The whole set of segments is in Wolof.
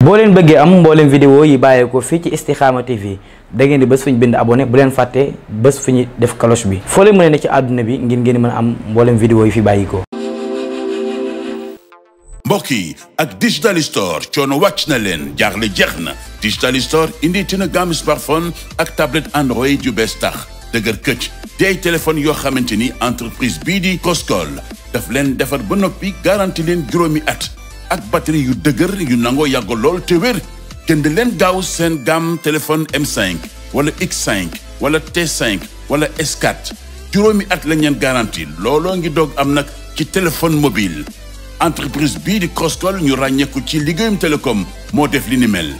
boo leen bëggee am mbooleem vidéo yi bàyyeekoo fii ci Istikhama TV da ngeen di bés fu ñu bind abonné bu leen fàttee bés fu ñu def cloche bi foo leen mën ne ci àdduna bi ngir ngeen mën am mbooleem vidéo yi fi bàyyikoo mbokk yi ak digital store coono wàcc na leen jaaxle jeex na digital store indi tina gamme smartphone ak tablette Android yu bees tax dëgër këcc di ay téléphones yoo xamante ni entreprise bii di Crosscall daf leen defar ba noppi garanti leen juróomi at ak batterie yu dëgër yu nangoo yàgg lool te wér jënd leen gaaw seen gamme téléphone M5 wala X5 wala T5 wala s juróomi at lañeen leen looloo ngi doog am nag ci téléphone mobile entreprise bii di Crosscall ñu ràññeeku ci liggéeyum télécom moo def li ni mel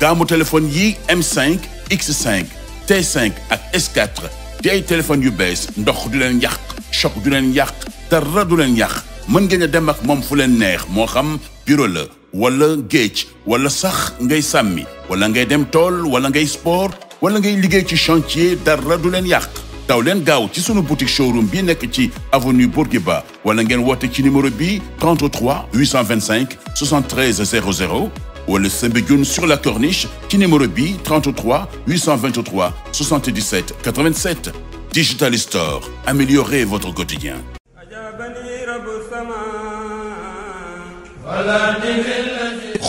gaamu téléphone yi m x T5 ak S4 di ay téléphones yu bees ndox du leen yàq choc du leen yàq dara du leen yàq. mën ngeen a dem ak moom fu leen neex moo xam bureau la wala géej wala sax ngay sàmmi wala ngay dem tool wala ngay sport wala ngay liggéey ci chantier dara du leen yàq daw leen gaaw ci sunu boutique showroom bi nekk ci avenue Bourguiba wala ngeen woote ci numéro bi 33 825 73 00 wala Soumbédioune sur la corniche ci numéro bi 33 823 77 87 digital store améliorez votre quotidien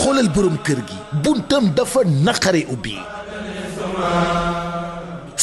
xoolal boroom kër gi buntam dafa naqare ubbi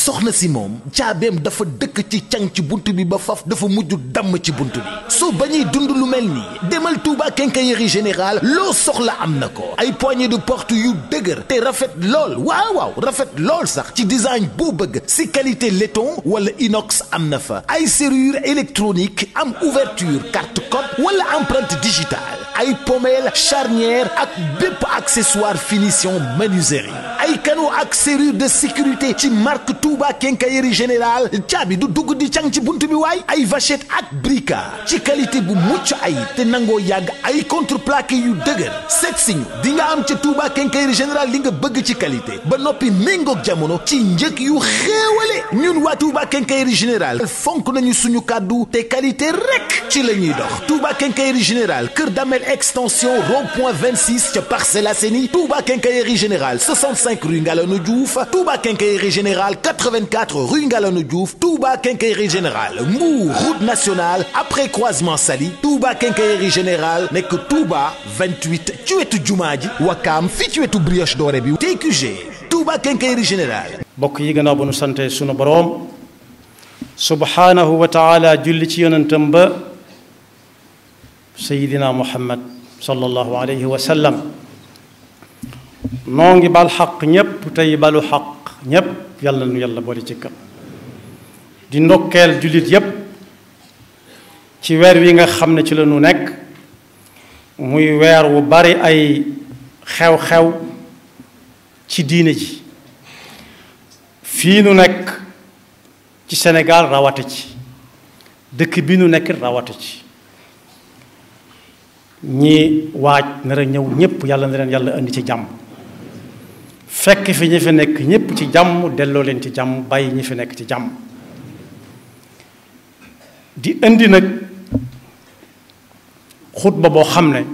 soxna si moom caabeem dafa dëkk ci cang ci bunt bi ba faf dafa mujj damm ci bunt bi surtout ba ñuy dund lu mel nii demal Touba quincaillerie générale loo soxla am na ko ay poignée de porte yu dëgër te rafet lool waaw rafet lool sax ci design boo bëgg si qualité laiton wala inox am na fa ay serrure électronique am ouverture carte code wala empreinte digitale ay pommelle charnière ak bépp accessoire finition menuiserie ay canaux ak serrure de sécurité ci marque Touba général générale caabi du dugg di cang ci bunt mi waay ay vachette ak brica qualité bu mucc ay te nangoo yàgg ay contreplaqué yu dëgër seet si ñu di nga am ca Touba quincaillerie générale li nga bëgg ci qualité ba noppi méngoog jamono ci njëg yu xéewale ñun waa Touba quincaillerie générale fonk nañu suñu kàddu te qualité rek ci la ñuy dox Touba quincaillerie général Kër Damel extension rond point 26 ca Parcelles Assainies Touba quincaillerie générale 65 rue Ngalano Diouf Touba quincaillerie générale 84 rue Ngalano Diouf Touba quincaillerie générale Mbour route nationale après croisement Ousmane Sali Touba quincaillerie nekk Touba 28 ci wetu jumaa ji Wakaam fii ci wetu brioche dorée bi TQG Touba quincaillerie générale. yi gannaaw ba nu sante sunu boroom subhaanahu wa taala julli ci yonentam ba sayidina muhammad sallallahu alayhi wa sallam noo ngi bal xaq ñépp tey nu yàlla boole di ndokkeel jullit yépp ci weer wi nga xam ne ci la ñu nekk muy weer wu bari ay xew-xew ci diine ji fii nu nekk ci Sénégal rawatu ci dëkk bi nu nekk rawatu ci ñi waaj nar a ñëw ñépp yàlla na leen yàlla indi ci jàmm fekk fi ñu fi nekk ñépp ci jàmm delloo leen ci jàmm bàyyi ñu fi nekk ci jàmm di indi nag xutba boo xam ne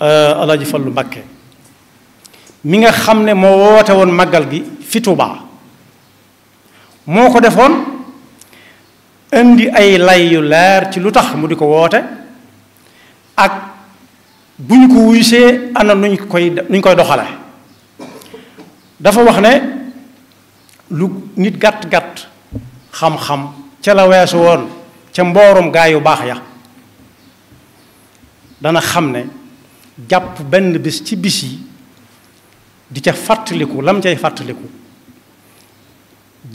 euh, Alaaji lu Mbàkke mi nga xam ne moo woote woon màggal gi fi Tuubaa moo ko defoon indi ay lay yu leer ci lu tax mu di ko woote ak bu ñu ko wuysee ana nuñ koy nuñ koy doxale dafa wax ne lu nit gàtt-gàtt xam-xam ca la weesu woon ca mboorum gaa yu baax ya dana xam ne jàpp benn bis ci bis yi di ca fàttaliku lam cay fàttaliku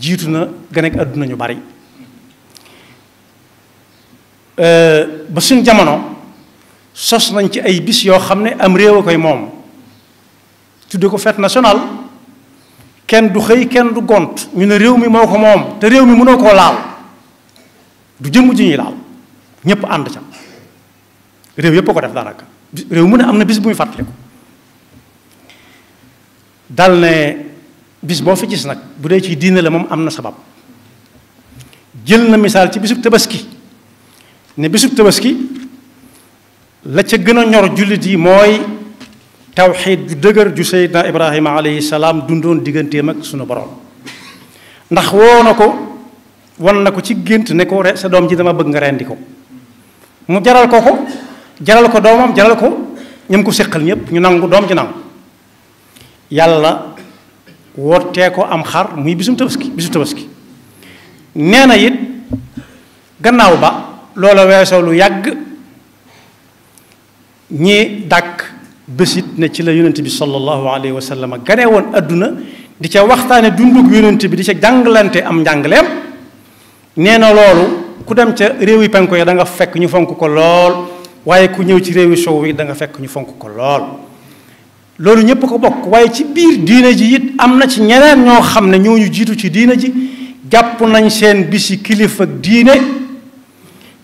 jiitu na gën ak àdduna ñu bari ba suñ jamono sos nañ ci ay bis yoo xam ne am réew a koy moom tudde ko fête national kenn du xëy kenn du gont ñu ne réew mi moo ko moom te réew mi mënoo koo laal du jëmm ji ñuy laal ñépp ànd ca réew yëpp ko def daanaka réew mu ne am na bis bu muy fàttaliku dal ne bis boo fi gis nag bu dee ci diine la moom am na sabab jël na misaal ci bisub tabaski ne bisub tabaski la ca gën a ñor jullit yi mooy tawxiid ju dëgër ju seydna ibrahima alayhi salaam dundoon digganteem ak sunu borom ndax woo na ko wan na ko ci gént ne ko sa doom ji dama bëgg nga rendi ko mu jaral ko ko jaral ko doomam jaral ko ñam ko séqal ñëpp ñu nangu doom ji nangu yàlla wootee ko am xar muy bisum tabaski bisum tabaski nee na it gannaaw ba loola weesoo lu yàgg ñi dàkk bésit ne ci la yonent bi sallallahu alayhi wa sallam gane woon adduna di ca waxtaane dundug yonent bi di ca jàngalante am njàngaleem nee na loolu ku dem ca réew yi penko yi da fekk ñu fonk ko lool waaye ku ñëw ci réewi sow wi da fekk ñu fonk ko lool loolu ñëpp ko bokk waaye ci biir diina ji it am na ci ñeneen ñoo xam ne ñu jiitu ci diina ji jàpp nañ seen bis yi kilifa ak diine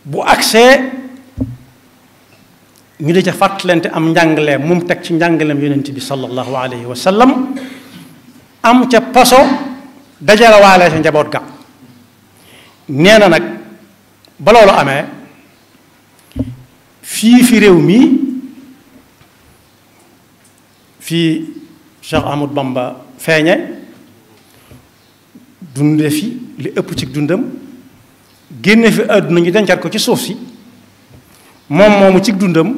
bu agsee ñu di ca fàttalante am njàngaleem mu teg ci njàngaleem yonent bi sallallahu alayhi wa sallam am ca paso dajale sa njaboot ga nee na nag ba amee fii fi réew mi fii Cheikh Ahmad Bamba feeñe dunde fi li ëpp ci dundam génne fi àdduna ñu dencaat ko ci suuf si moom moomu ci dundam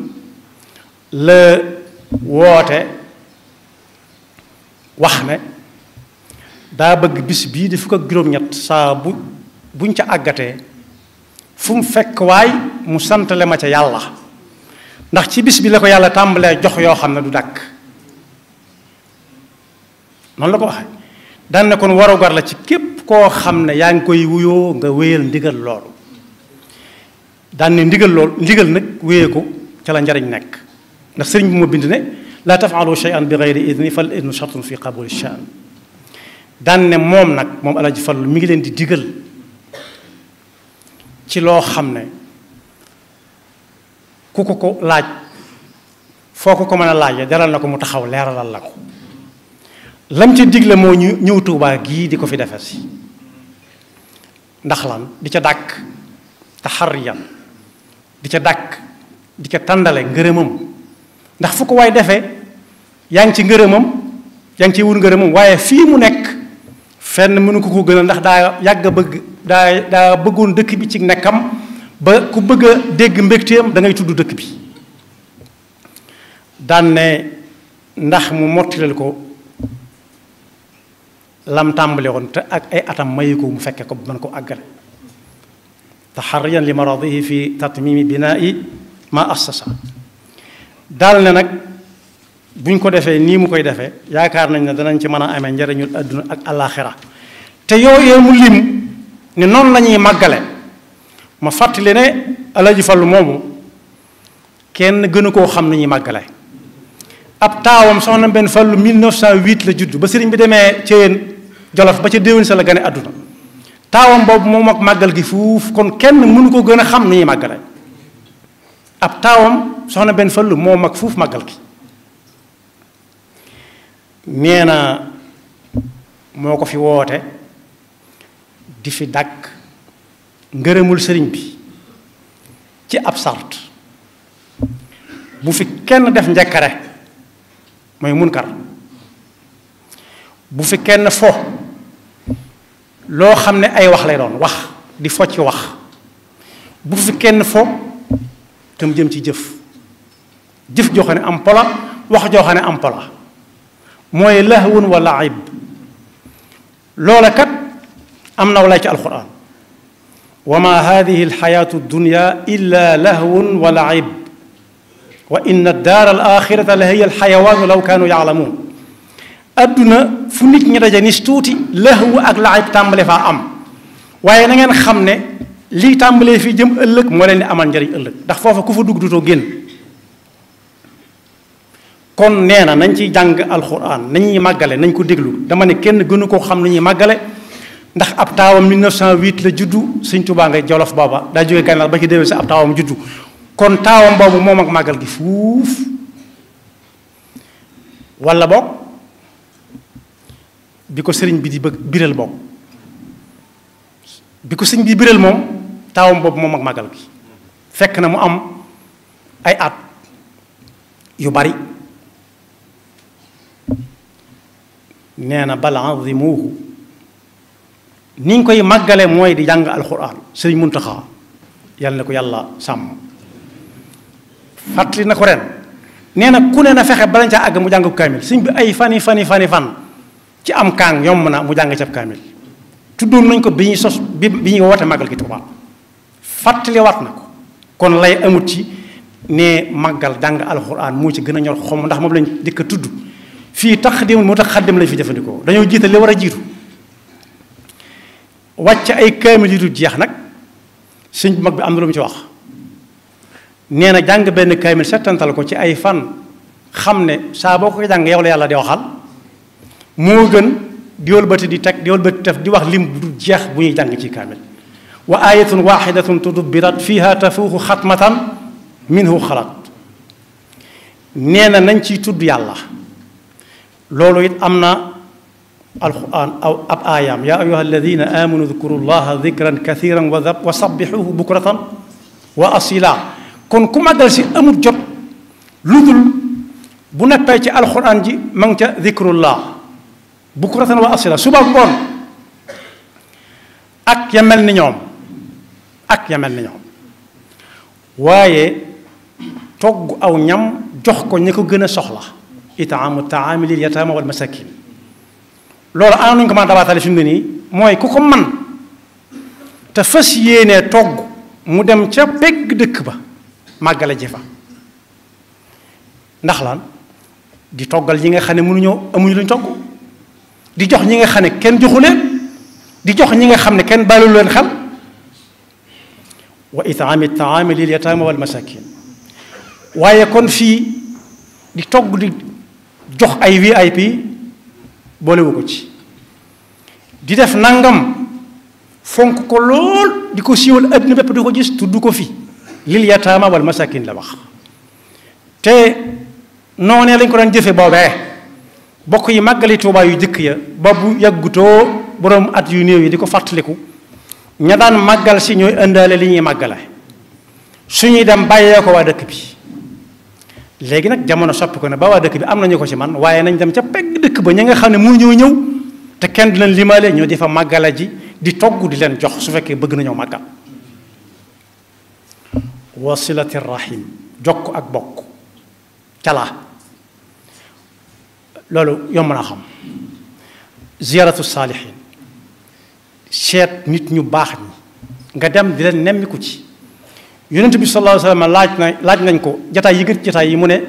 la woote wax ne daa bëgg bis bii di fukk ak juróom-ñett saa bu buñ ca àggatee fu fekk waay mu santale ma ca yàlla ndax ci bis bi la ko yàlla tàmbalee jox yoo xam ne du dàkk noonu la ko waxee daan ne kon warugar la ci képp koo xam ne yaa ngi koy wuyoo nga wéyal ndigal loolu daan ne ndigal loolu ndigal nag wéyee ko ca la njariñ nekk ndax sëriñ bi moo bind ne laa tafaalu shay'an bi gayri idni fal idnu shartun fi qabuli shan daan ne moom nag moom Alaaji Fallu mi ngi leen di digal ci loo xam ne ku ko ko laaj foo ko ko mën a laajee jaral na ko mu taxaw leeralal la ko lam ca digle moo ñu ñëw Tuubaa gii di ko fi defe si ndax lan di ca dàkk taxariyan di ca dàkk di ca tàndale ngërëmam ndax fu ko waay defee yaa ngi ci ngërëmam yaa ngi ci wut ngërëmam waaye fii mu nekk fenn mënu ko ko gënal ndax daa yàgg a bëgg daa daa bëggoon dëkk bi ci nekkam ba ku bëgg a dégg mbégteem da ngay tudd dëkk bi daan ndax mu mottilal ko lam tàmbale woon te ak ay atam mayu ko mu fekke ko bu mën ko àggale taxariyan li maradihi fi tatmimi binaa'i ma assasa daal ne nag buñ ko defee nii mu koy defee yaakaar nañ ne danañ ci mën a amee njariñul àdduna ak àllaaxira te yooyee mu lim ne noonu lañuy màggale ma fàttali ne Alaaji Fallu moomu kenn gënu koo xam ni ñuy màggale ab taawam soxna benn Fallu 1908 la judd ba sëriñ bi demee Ceyeen Jolof ba ca déwén sa la gane àdduna taawam boobu moom ak màggal gi fuuf kon kenn mënu ko gën a xam nu ñuy màggale ab taawam soxna benn Fallu moom ak fuuf màggal gi nee na moo ko fi woote di fi dàkk ngërëmul sëriñ bi ci ab sart bu fi kenn def njëkkare mooy munkar bu fi kenn fo loo xam ne ay wax lay doon wax di fo ci wax bu fi kenn fo te mu jëm ci jëf jëf joo xam am pola wax joo ne am pola mooy lahwun wa laib loola kat am naw lay ci alxuraan wa ma hadihi alxayaatu dunya illa lahwun wa laib wa inna daar al la hiya alxayawaanu law kaanu yaalamuun adduna fu nit ñi daje nis tuuti lahwu ak laib tàmbale faa am waaye na xam ne lii tàmbalee fii jëm ëllëg moo leen di amal njariñ ëllëg ndax foofa ku fa dugg dutoo génn kon nee na nañ ciy jàng alxuraan nañuy màggale nañ ko déglu dama ne kenn gënu koo xam nañuy màggale ndax ab taawam 1908 la juddu sëñ Tuubaa ngay Jolof booba daa jógee gànnaar ba ci déwén si ab taawam juddu kon taawam boobu moom ak màggal gi fuuf walla bokk bi ko sëriñ bi di bëgg biral bokk bi ko sëriñ bi biral moom taawam boobu moom ak màggal gi fekk na mu am ay at yu bari nee na bal azimuhu niñ koy màggale mooy di jàng alxuraan sëriñ Muntaxa yàlla na ko yàlla sàmm fàttali na ko ren nee ku ne na fexe balañ caa àgg mu jàng kaamil sëriñ bi ay fan fani fan fani fan ci am kaang yomb na mu jàng cab kaamil tuddoon nañ ko bi ñuy sos bi bi ñuy woote màggal gi Tuubaa fàttaliwaat na ko kon lay amut ci ne màggal jàng alxuraan moo ci gën a ñor xom ndax moom lañ dëkk tudd fii tax démul moo tax xaddim lañ fi jëfandikoo dañoo jiital li war a jiitu wàcc ay kaamil yu du jeex nag sëñ bu mag bi am na lu mu ci wax nee na jàng benn kaamil settantal ko ci ay fan xam ne saa boo ko jàng yow la yàlla di waxal moo gën di wëlbati di teg di wëlbati def di wax lim bu du jeex bu ñuy jàng ci kaamil wa ayatun waxidatun tudubbirat fiha tafuuxu xatmatan minhu xalat nee na nañ ci tudd yàlla loolu it am na alquran aw ab aayaam yaa ayuha alladina amanu dkuru llaha dikran kathiran wa sabbixuhu bukratan wa asila kon ku màggal si amul jot lu dul bu nekkee ci alquran ji mang ngi ca dikrullah bukratan wa asila suba ngoon ak yamel ni ñoom ak yamel ni ñoom waaye togg aw ñam jox ko ñi ko gën a soxla itaamu taamilil yataama wal masakin loolu ana nuñ ko mën a dabaatale nii mooy ku ko man te fas yéenee togg mu dem ca pegg dëkk ba màggale ji fa ndax lan di toggal ñi nga xam ne ñëw amuñu luñ togg di jox ñi nga xam ne kenn joxu leen di jox ñi nga xam ne kenn bàyyilu leen xel wa itaami taami lil yataama wal masakin waaye kon fii di togg di jox ay VIP boolewu ko ci di def nangam fonk ko lool di ko siiwal adduna bépp di ko gis tudd ko fi lil yataama wal masakin la wax te noonee lañ ko daan jëfe boobee bokk yi màggali Tuubaa yu jëkk ya ba bu yàggutoo boroom at yu néew yi di ko fàttaliku ña daan màggal si ñooy ëndaale li ñuy màggale su ñuy dem bàyyee ko waa dëkk bi léegi nag jamono soppi ko ne ba waa dëkk bi am nañu ko ci man waaye nañ dem ca pegg dëkk ba ña nga xam ne mu ñëw ñëw te kenn du leen limaale ñoo di fa màggala ji di togg di leen jox su fekkee bëgg nañoo màggal wasilati rahim ko ak bokk calaa loolu yomb naa xam ziaratu saalihin seet nit ñu baax ñi nga dem di leen nemmiku ci yonent bi sallallahu alayhi wa laaj na laaj nañ ko jataay yi gën jataay yi mu ne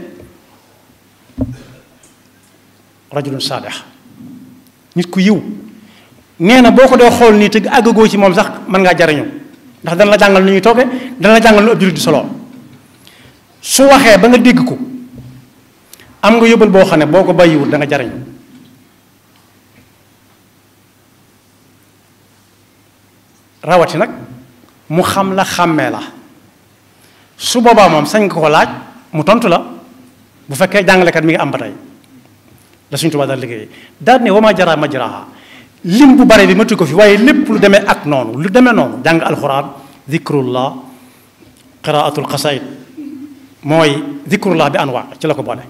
rajulun saalih nit ku yiw nee na boo ko dee xool nii te àggagoo ci moom sax mën ngaa jariñu ndax dana la jàngal nu ñuy toogee dana la jàngal lu ab jullit di solo su waxee ba nga dégg ko am nga yóbbal boo xam ne boo ko bàyyiwul danga nga jariñu rawati nag mu xam la xàmmee la su boobaa moom sañ ko ko laaj mu tontu la bu fekkee jàngalekat mi ngi am ba tey la suñu tubaab daal liggéey daal ne wama jaraa ma jaraaha lim bu bare bi ma tudd ko fi waaye lépp lu demee ak noonu lu demee noonu jàng alxuraan zikrullah qiraatul xasaid mooy zikrullah bi anwaa ci la ko boole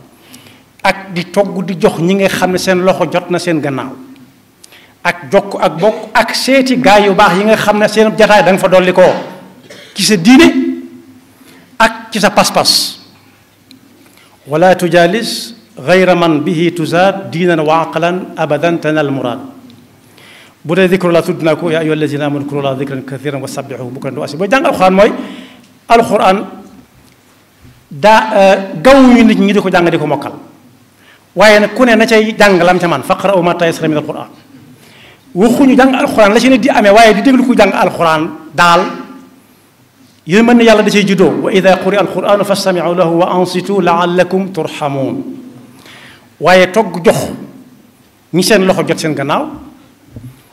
ak di togg di jox ñi nga xam ne seen loxo jot na seen gannaaw ak jokk ak bokk ak seeti gaay yu baax yi nga xam ne seen jataay da nga fa dolli koo ci sa diine ci sa pas-pas wala tujaalis gayra man bihi tuzaad diinan wa aqlan abadan tanal muraad bu dee dikru la tudd ko yaa ayyuha allazina amanu kuru la dikran kathiran wa sabbixu bukran wa asi mooy alxuraan daa eh, gawuñu nit ñi di ko jàng di ko mokkal waaye nag ku ne na cay jàng lam ca man faqra'u ma tayassara min alxuraan waxuñu jàng alxuraan la ci nit di amee waaye di déglu ku jàng alxuraan daal man ne yàlla da ji juddoo wa ida quri alquranu fastamiu lahu wa ansitu laallakum turhamuun waaye togg jox ñi seen loxo jot seen gannaaw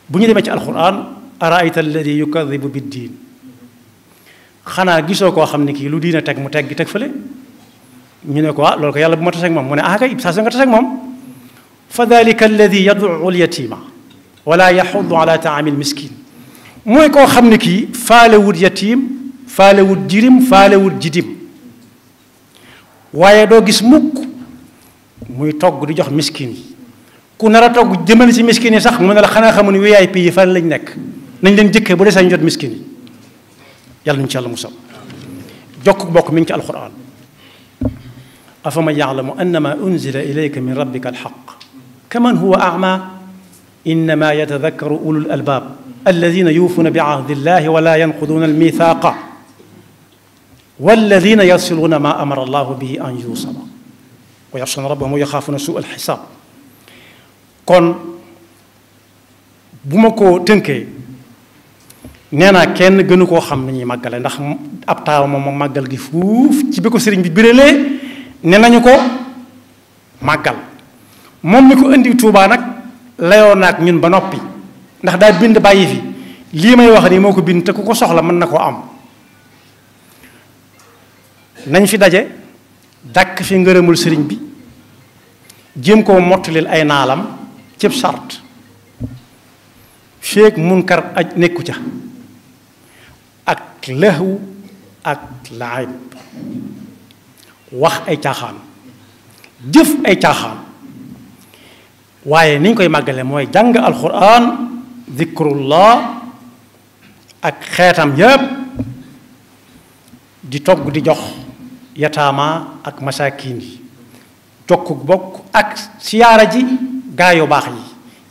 bu ñu demee ci alquran araayta alladi yukadibu biddiin xanaa gisoo koo xam ne kii lu diina teg mu teg gi teg fële ñu ne ko ah loolu ko yàlla bu ma taseeg moom mu ne ah kay saa su nga taseeg moom fa dalika alladi yaduu lyatiima wut faalewut jirim faalewut jitim waaye doo gis mukk muy togg di jox miskin yi ku nar a togg jëmale ci miskin yi sax mu ne la xanaa xamuñ VIP yi fan lañ nekk nañ leen jëkkee bu dee sañ jot miskin yi yàlla ñu ci yàlla musal jokk bokk mi ngi ci alquran afama yalamu annama unzila ilayka min rabbika alxaq kaman huwa ama innama yatadakkaru ulul albaab alladina yuufuuna bi ahdillahi wala yanquduuna almithaqa walladina yasiluuna ma amara allahu bihi an yuusala wa yaxshawna rabbahum wa yaxaafuuna suu al xisaab kon bu ma ko tënkee nee naa kenn gënu koo xam ni ñuy màggale ndax ab taaw moom moom màggal gi fuuf ci bi ko sëriñ bi birelee ne nañu ko màggal moom mi ko indi tuubaa nag layoon naag ñun ba noppi ndax daa bind bàyyi fi lii may wax nii moo ko bind te ku ko soxla mën na koo am nañ fi daje dàkk fi ngërëmul sëriñ bi jéem koo mottalil ay naalam cëb sart feek munkar aj nekku ca ak lëxwu ak laayb wax ay caaxaan jëf ay caaxaan waaye niñ koy màggale mooy jàng alquran zikrullah ak xeetam yépp di togg di jox yataama ak masakin yi jokku bokk ak siyaara ji gaa yu baax yi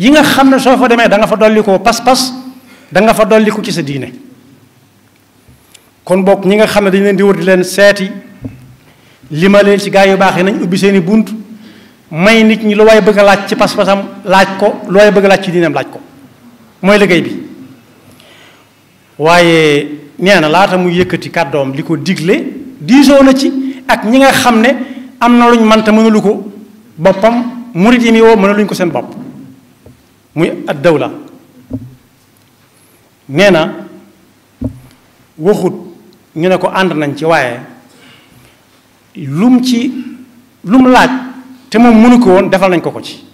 yi nga xam ne soo fa demee da nga fa dolli ko pas-pas danga fa dolli ko ci sa diine kon bokk ñi nga xam ne dañ leen di wër di leen seeti li ma leen ci gaa yu baax yi nañ ubbi seeni bunt may nit ñi lu waay bëgg laaj ci pas-pasam laaj ko lu waay bëgg laaj ci diinam laaj ko mooy liggéey bi waaye nee na laata muy yëkkati kàddoom li ko digle diisoo na ci ak ñi nga xam ne am na luñ mënta mënalu ko boppam murit yi mi woo luñ ko seen bopp muy ad dawla nee na waxut ñu ne ko ànd nañ ci waaye lum ci lum laaj te moom mënu ko woon defal nañ ko ko ci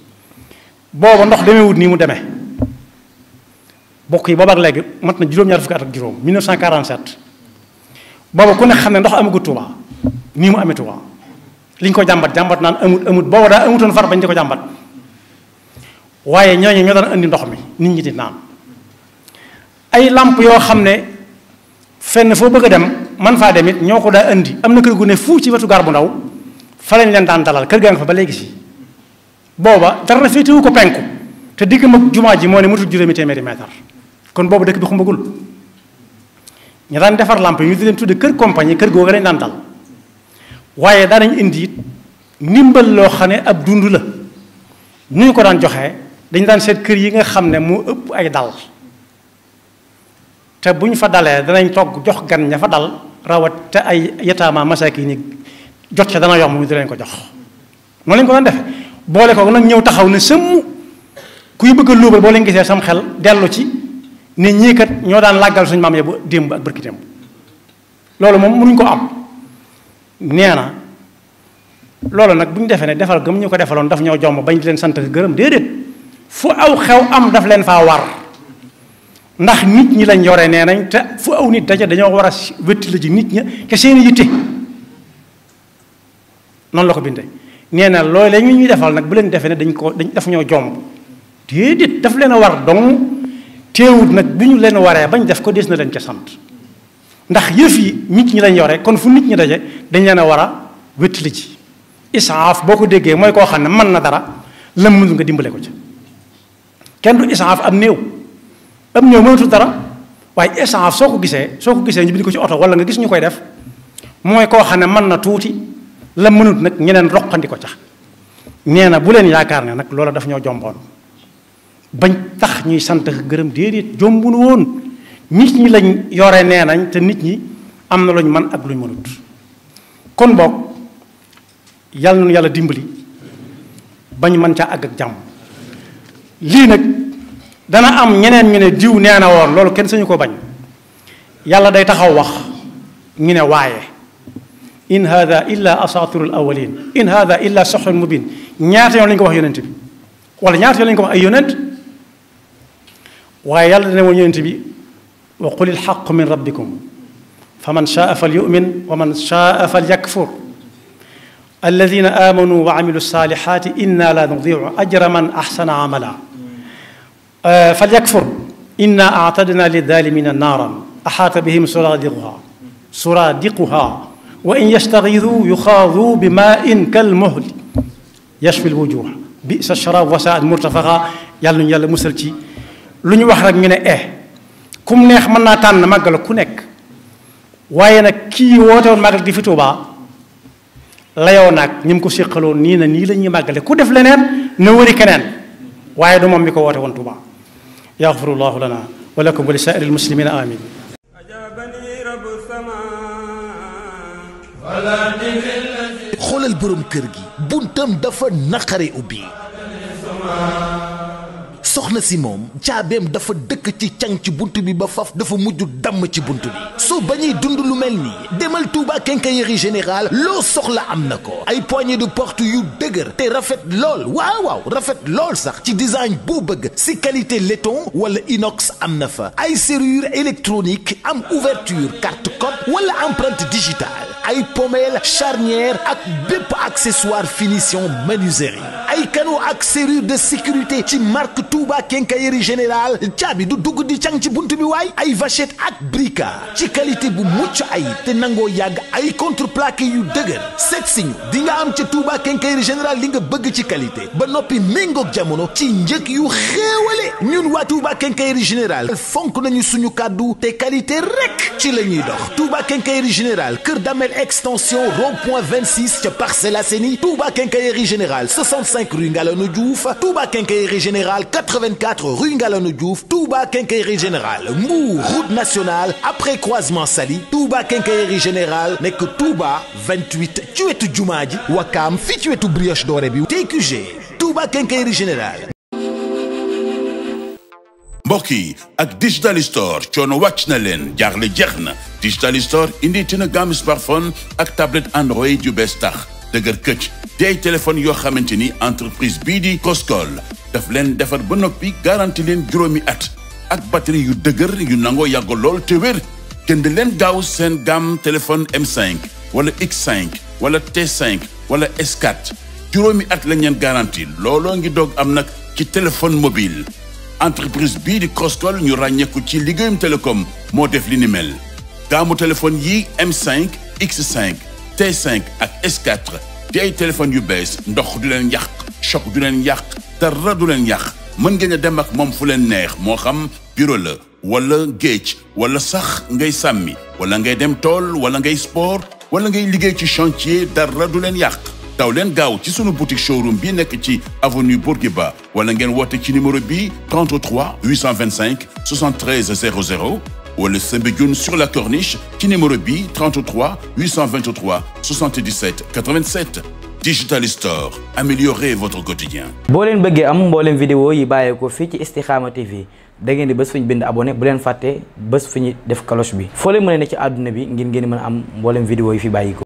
booba ndox demewut nii mu demee bokk yi booba ak léegi mat na juróom-ñaar fukki ak juróom booba ku ne xam ne ndox amagut Tuuba mu amee Tuuba ko jàmbat jàmbat naan amut amut booba daa amutoon far bañ di ko jàmbat waaye ñooñu ñoo daan indi ndox mi nit ñi di naan ay làmp yoo xam ne fenn foo bëgg a dem man faa dem it ñoo ko daa indi am na kër gu ne ci wetu gaar bu ndaw fa lañ leen daan dalal kër gaa nga fa ba léegi si booba dara féetewu ko penku te digg mag jumaa ji moo ne mutul juróomi téeméeri mètre kon boobu dëkk bi xumbagul ñu daan defar làmp yi ñu di leen tudde kër compagnie kër googu lañ daan dal waaye daanañ indi ndimbal loo xam ne ab dund la nu ñu ko daan joxe dañu daan seet kër yi nga xam ne moo ëpp ay dal te bu ñu fa dalee danañ togg jox gan ña fa dal rawat te ay yataama masaki ni jot ca dana yomb ñu di leen ko jox moo lañ ko daan defe boole ko nag ñëw taxaw ne sëmm kuy bëgg a luubal boo leen gisee sam xel dellu ci ne ñii ñoo daan làggal suñ maam ya bu démb ak bërki démb loolu moom munuñ ko am nee na loolu nag bu ñu defee ne defal gëm ñu ko defaloon daf ñoo jomb bañ di leen sant ak gërëm déedéet fu aw xew am daf leen faa war ndax nit ñi lañ yore nee nañ te fu aw nit daje dañoo war a wétti la ji nit ña te seeni yitte noonu la ko nee na loolu la ñuy defal nag bu leen defee ne dañ ko dañ daf ñoo jomb war dong teewut nag bi ñu leen waree bañ def ko des na leen ca sant ndax yëf yi nit ñi lañ yore kon fu nit ñi daje dañ leen a war a wéttali ci isaaf boo ko déggee mooy koo xam ne mën na dara lam nga dimbale ko ca kenn du isaaf am néew am néew mënatul dara waaye isaaf soo ko gisee soo ko gisee ñu bind ko ci oto wala nga gis ñu koy def mooy koo xam ne mën na tuuti la mënut nag ñeneen roqandi ko ca nee na bu leen yaakaar ne nag loolu daf ñoo jomboon bañ tax ñuy sant ak gërëm déedéet jombunu woon nit ñi lañ yore nee nañ te nit ñi am na luñ man ak luñ mënut kon boog yàlla nañu yàlla dimbali bañ mën caa àgg ak jàmm lii nag dana am ñeneen ñu ne diw nee na woon loolu kenn sañu ko bañ yàlla day taxaw wax ñu ne waaye in hada illa asatirul awalin in hada illa soxrun mubin ñaata yoon lañu ko wax yonent bi wala ñaata yoon lañu ko wax ay yonent waaye yàlla dana woon yonent bi wa qulil xaqu min rabbikum fa man shaa fal yumin wa man shaa fal yakfur alladina amanu wa amilu salihaati inna la nudiu ajra man axsana amala fal yakfur inna aatadna lidalimina naaran axaata bihim suraadiquha suraadiquha wa in yastaxidu yuxaadu bi ma in kal mohli yashfi lwujuh bisa sharaab wasaat murtafaqa yàlla nañu yàlla musal ci lu ñu wax rek ñu ne eh kum neex mën naa tànn màggal ku nekk waaye nag kii woote woon màggal gi fi Tuubaa layoo naag ñi mu ko séqaloon nii na nii la ñuy màggale ku def leneen na wëri keneen waaye du moom mi ko woote woon Tuubaa yaxfirullahu lana wa wa li saa'iri l-muslimina amin xoolal boroom kër gi buntam dafa naqare ubbi soxna si moom caabeem dafa dëkk ci cang ci bunt bi ba faf dafa mujj damm ci bunt bi soo bañuy dund lu mel nii demal Touba Quincaillerie général loo soxla am na ko ay poignée de porte yu dëgër te rafet lool waaw waaw rafet lool sax ci design boo bëgg si qualité laiton wala inox am na fa ay serrure électronique am ouverture carte code wala empreinte digitale ay pommelle charnière ak bépp accessoire finition menuiserie kanu ak serrure de sécurité ci marque Touba Quincaillerie Générale caabi du dugg di cang ci buntu bi waay ay vachette ak brica ci qualité bu mucc ay te nangoo yàgg ay contreplaqué yu dëgër seet si ñu di am ca Touba Quincaillerie général li nga bëgg ci qualité ba noppi méngoog jamono ci njëg yu xéewale ñun waa Touba Quincaillerie général fonk nañu suñu kàddu te qualité rek ci la ñuy dox Touba Quincaillerie Générale Kër Damel extension rond point 26 ca Parcelles Assainies Touba Quincaillerie Générale 65 rue Ngalonou Diouf Touba Quincaillerie Générale 84 rue Ngalonou Diouf Touba Quincaillerie Générale Mbour route nationale après croisement Sali Touba Quincaillerie Générale nekk Touba 28 ci wetu jumaa ji Wakaam fii ci wetu brioche dorée bi TQG Touba Quincaillerie Générale mbokk yi ak digital store leen jaaxle jeex na digital dëgër këcc di ay téléphone yoo xamante ni entreprise bii di Crosscall daf leen defar ba noppi garanti leen juróomi at ak batterie yu dëgër yu nangoo yàgg lool te wér jënd leen gaaw seen gamme téléphone M5 wala X5 wala T5 wala s juróomi at lañ leen garanti looloo ngi doog am nag ci téléphone mobile entreprise bii di Crosscall ñu ràññeeku ci liggéeyum télécom moo def li ni mel gaamu téléphone yi M5 x T5 ak S4 di ay téléphones yu bees ndox du leen yàq choc du leen yàq dara du leen yàq mën ngeen a dem ak moom fu leen neex moo xam bureau la wala géej wala sax ngay sàmmi wala ngay dem tool wala ngay sport wala ngay liggéey ci chantier dara du leen yàq daw leen gaaw ci sunu boutique showroom bii nekk ci avenue Bourguiba wala ngeen woote ci numéro bi 33 825 73 00 wala Soumbédioune sur la Corniche ci numéro bi 33 823 77 87 Digital Store améliorez votre quotidien. boo bëggee am mbooleem vidéo yi bàyyeekoo fii ci Istikhama TV da di bés fu bind abonné bu leen fàttee bés def cloche bi foo leen mën ci àdduna bi ngir ngeen mën am mbooleem vidéo yi fi bàyyeekoo.